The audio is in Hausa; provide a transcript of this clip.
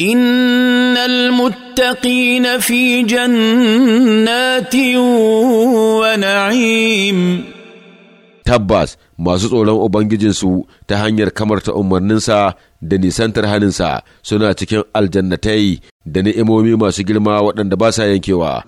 ان المتقين في جنات ونعيم tabbas masu tsoron ubangijinsu ta hanyar kamarta umarninsa da nisantar haninsa suna cikin aljannatai da ni'imomi masu girma waɗanda ba sa yankewa